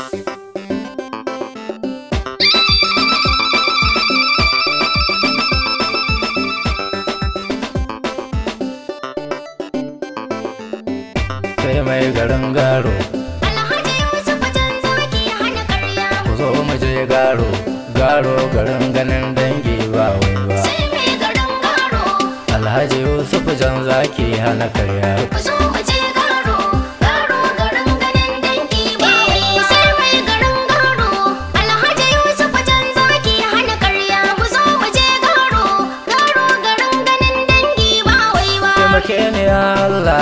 sai mai garin garo alhaji yusuf jan zaki hana karya ku zo mu je garo garo garin ganin dangi ba wai ba sai mai garin garo alhaji yusuf jan zaki hana karya ku zo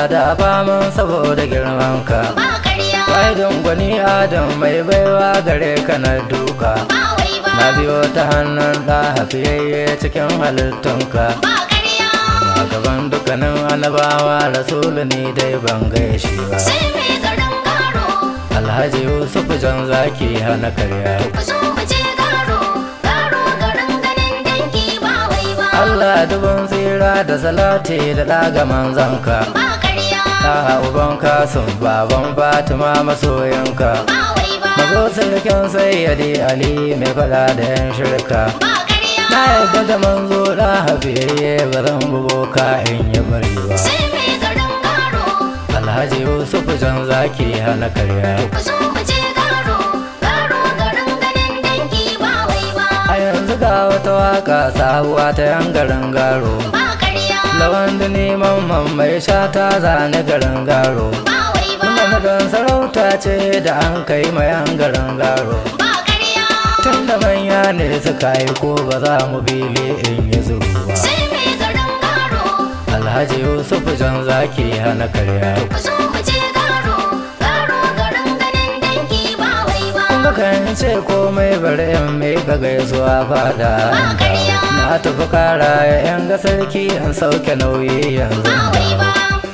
da fama saboda girmanka wai don gwani adam mai baiwa gare ka na duka na biyo ta hannun da hafiyayye cikin halittunka na gaban dukkanin annabawa rasulu ni dai ban gaishe ba alhaji yusuf jan zaki hana karya Allah dubin tsira da salati da ɗaga manzanka. ɗaha uban kasun baban fatima masoyinka mazo sarkin sayyadi ali mai fada da yan shirka na yarda da manzo da hafiye ba zan bugo ka in yi bari ba alhaji yusuf jan zaki hana karya a yanzu ga wata waka sabuwa ta yan garin garo lawan da neman mai shata zane garin garo kuma magan sarauta ce da an kai mayan garin garo tun da manya ne suka yi ko ba za mu bile in yi ba. alhaji yusuf jan zaki hana karya kan ce komai bari mai ka gaisuwa fada. Ba na tafi kara yan ga sarki an sauke nauyi yanzu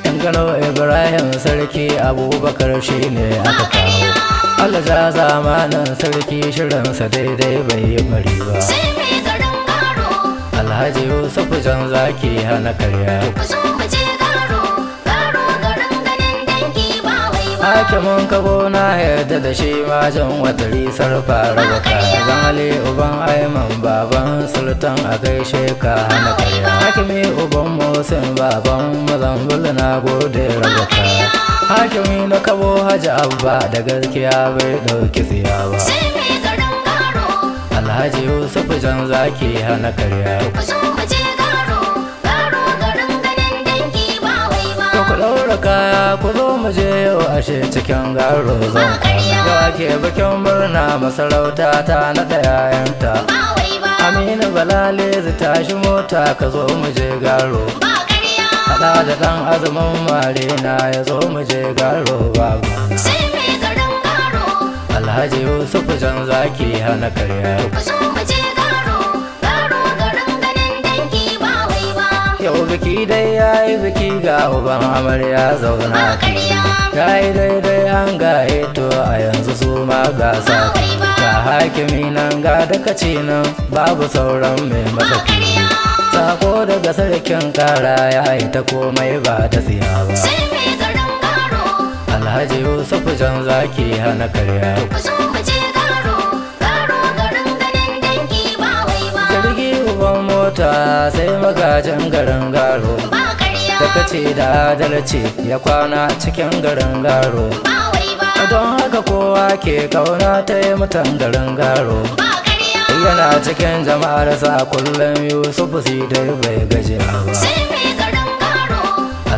yan gano ibrahim sarki abubakar shi ne aka kawo allah zamanin sarki shirinsa daidai bai yi bari ba alhaji yusuf jan zaki hana karya mun kago na yarda da shi majin watari sarfa raba ka zan uban aiman baban sultan a kai sheka hana kariya. hakimi uban musin baban mazambul na gode raba ka hakimi na kabo haji abba da gaskiya bai dauki siya ba alhaji yusuf jan zaki hana kariya. ku ɗaura kaya ku zo mu je yau ashe cikin garozan zan yawa ke bikin murna masarauta ta na yayanta aminu balale zai tashi mota ka zo mu je garo haɗa da ɗan azumin marina ya zo mu je garo babu alhaji yusuf jan zaki hana karya biki dai yayi biki ga uban amarya zauna yi daidai an ga eh to a yanzu su ma gasa ga hakimi nan ga ce nan babu sauran mai masaki sako daga sarkin kara yi ta komai ba ta siya ba alhaji yusuf jan zaki hana karya mota sai magajin garin garo daga ce da adalci ya kwana cikin garin garo don haka kowa ke kauna ta yi mutan garin garo yana cikin jama'arsa kullum yusuf si dai bai gaji ba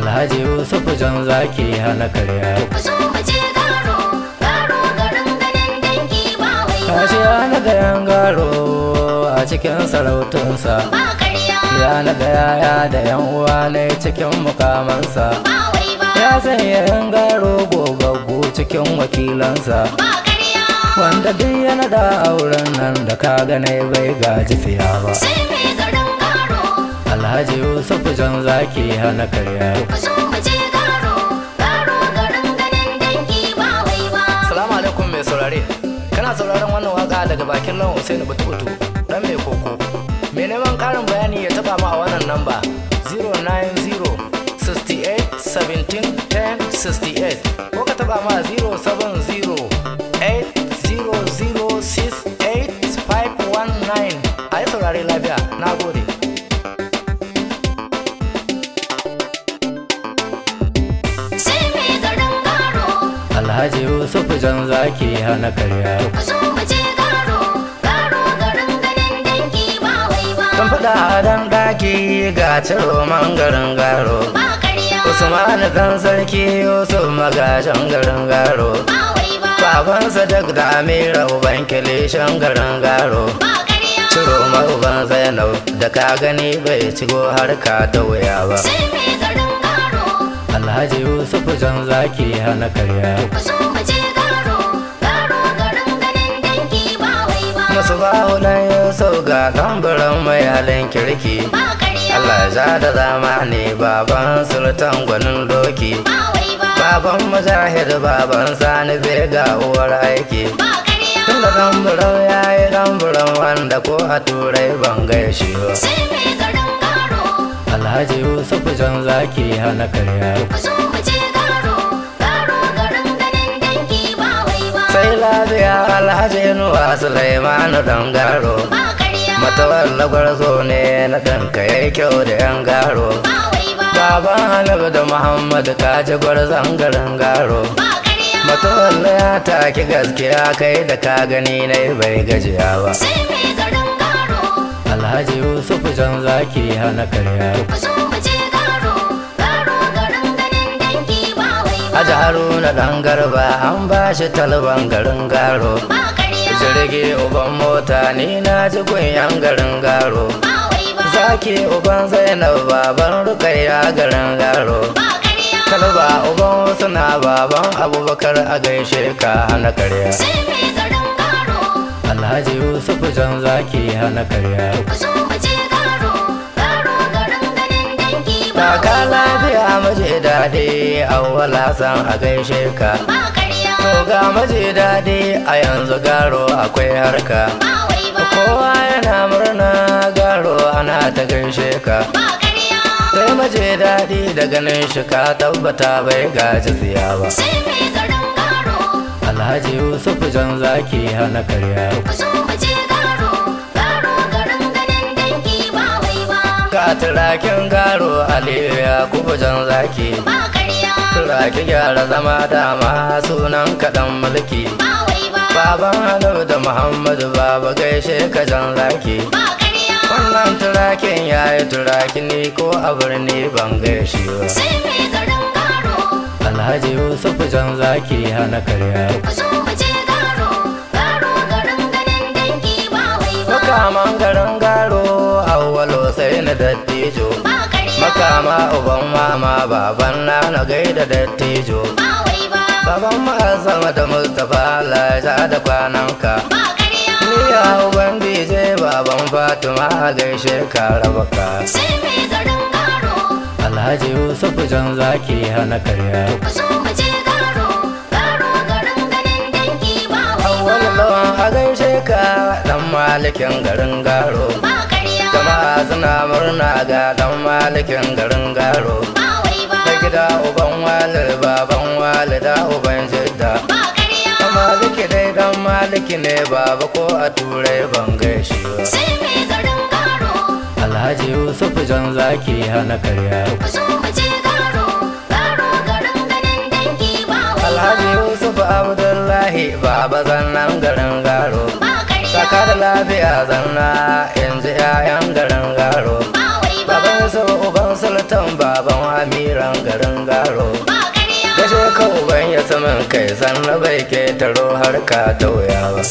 alhaji yusuf jan zaki hana karya Kashi ya na ga yangaro a cikin sarautunsa. Ya na ga yaya da yan uwa ne cikin mukamansa. Ya sanya yangaro gogaggo cikin wakilansa. Wanda duk yana da auren nan da ka gane bai gaji fiya ba. Alhaji Yusuf Jan zaki hana karya. Salamu alaikum mai saurare. sauraron wannan waka daga bakin nan Hussein Bututu dan mai koko. Mai neman karin bayani ya taba mu a wannan namba 090 68 ko ka taba ma 070 8 006 8519 a yi saurari lafiya. zan zaki hana karya so je garo garo garin ganin ba wai ba kan fada dan daki ga ciro garin garo ba karya usman kan sarki yusuf magajin garin garo ba babansa duk da amira uban kilishin garin garo ba ciro uban zainab da ka gani bai cigo harka ta wuya ba garin garo alhaji yusuf jan zaki hana karya sunan yusuf ga kambaran mai halin kirki Allah da zama ne baban sultan gwanin doki baban mujahid baban sani ga uwar aiki tunda kambaran ya yi wanda ko a turai ban gaishe alhaji yusuf jan zaki hana karya lafiya alhaji nuwa sulaimanu dan garo matawar lagwarzo ne na ɗanka ya kyau da yan garo Baba halabu da muhammadu kaji gwarzon garin garo matawar ya taki gaskiya kai da ka gani na bai gajiya ba alhaji yusuf jan zaki hana karya alhaji haruna ɗan garba an ba shi talban garin garo jirgi uban mota ni na ji kunyan garin garo zaki uban zainab baban rukaiya garin garo kalba uban suna baban abubakar a gaishe ka hana karya alhaji yusuf jan zaki hana karya ga daɗi awwala san a gaishe ka to ga daɗi a yanzu garo akwai harka kowa yana murna garo ana ta gaishe ka sai maje daɗi da ganin shi ka tabbata bai gaji tsiya ba alhaji yusuf jan zaki hana karya a turakin garo aliyu kubujan zaki turaki gyara zama dama sunan kaɗan mulki baban hannu da muhammadu baba gaishe ka jan zaki wannan turakin ya yi turaki ni ko a birni ban gaishe ba alhaji yusuf jan zaki hana karya dattijo makama uban mama baban na na gaida dattijo baban ma da mustapha laja da kwananka ni ya uban dj baban fatima gaishe ka rabaka alhaji yusuf jan zaki hana karya a gaishe ka dan malikin garin garo jama'a suna murna ga dan malikin garin garo da gida uban wali baban wali da uban shidda maliki dai dan maliki ne baba ko a turai ban gaishe ba sai mai garin garo alhaji yusuf jan zaki hana karya ku zo mu garo garo garin ganin dangi ba alhaji yusuf abdullahi baba zannan garin garo ka da lafiya zanna yanzu 'ya'yan garin garo baban su uban sultan baban amiran garin garo gashe ka uban ya saman kai zanna bai ke taro har ka tauya ba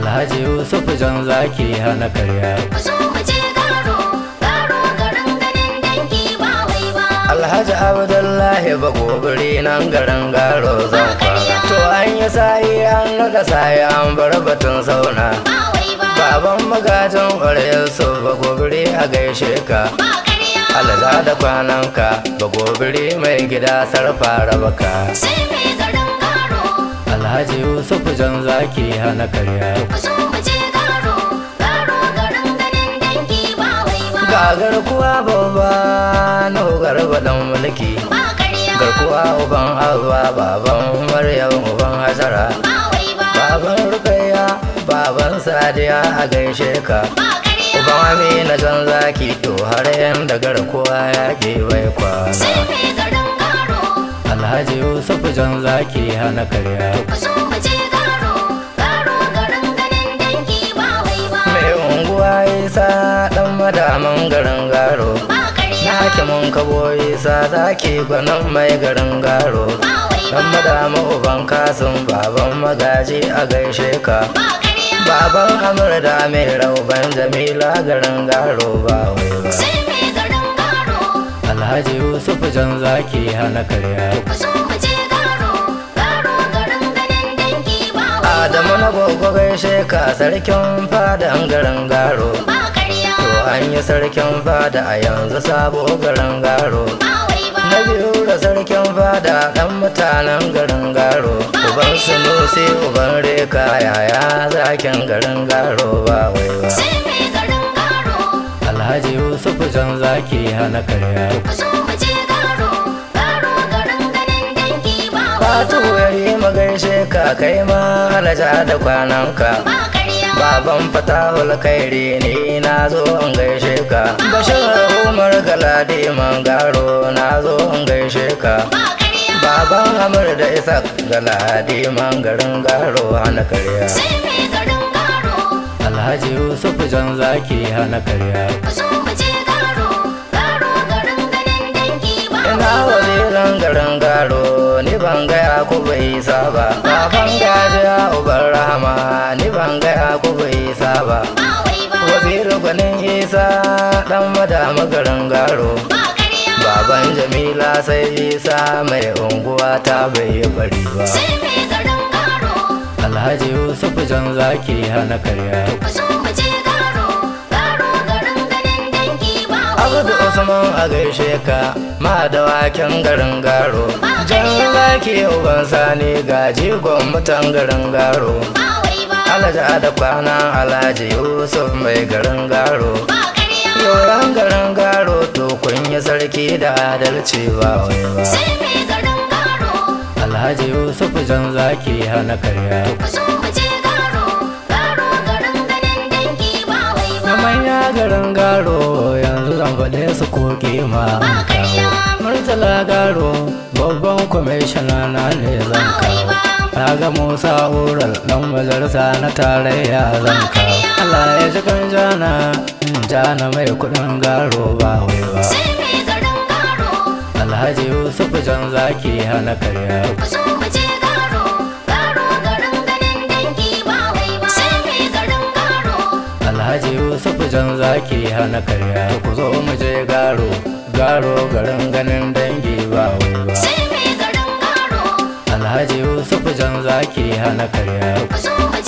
alhaji yusuf jan zaki hana karya abdullahi ba gobiri nan garin garo zan fara to an yi sayi an raka sayi an bar batun sauna baban magajin ƙwarai su ba gobiri a gaishe ka alaza da kwananka ba gobiri mai gida sarfara baka. alhaji yusuf jan zaki hana karya Ga garkuwa babba na garba dan mulki. Garkuwa uban abuwa baban Maryam uban Hazara. Baban Rukaiya baban Sadiya a gaishe ka. Uban Amina can zaki to har yan da garkuwa ya ke bai kwana. Alhaji Yusuf Jan zaki hana karya. garin ganin dangi ba wai ba. Mai unguwa isa madaman garin garo na ke mun kaboyi sa za ki gwanon mai garin garo dan madama uban kasin baban magaji a gaishe ka baban amur da mai rauban jamila garin garo ba wai ba alhaji yusuf jan zaki hana karya Adamu na gogo gaishe ka sarkin fadan garin garo. an yi sarkin fada a yanzu sabo garin garo na biyu da sarkin fada ɗan mutanen garin garo uban sunusi uban reka yaya zakin garin garo ba wai ba alhaji yusuf jan zaki hana karya Fatu yari magaishe ka kai ma alaja da kwananka. baban fatahul kairi ni na zo in gaishe ka bashir umar galadi mangaro na zo in gaishe ka baban amur da isa galadi mangarin garo hana karya alhaji yusuf jan zaki hana karya ina waziran garin garo ni ban gaya ku bai saba baban gajiya ubar rahama ni ban gaya ku bai saba waziri gwanin isa dan madama garin garo baban jamila sai isa mai unguwa ta bai bari ba alhaji yusuf jan zaki hana karya zaman a gaishe ka ma da waken garin garo Jan Zaki, uban sani jigon mutan garin garo alhaji da kwana alhaji yusuf mai garin garo yoran garin garo to kun sarki da adalci ba wai ba alhaji yusuf jan zaki hana karya garin garo gwangwale su koke ma murtala garo babban kwamishina na ne kawo. kawo ga Musa Ural ɗan majalisa na tarayya zan Allah ya ji kan jana jana mai kuɗin garo ba wai ba Alhaji Yusuf jan zaki hana karya yusuf jan zaki hana karya ku zo mu je garo garo garin ganin dangi ba wai ba alhaji yusuf jan zaki hana karya ku zo mu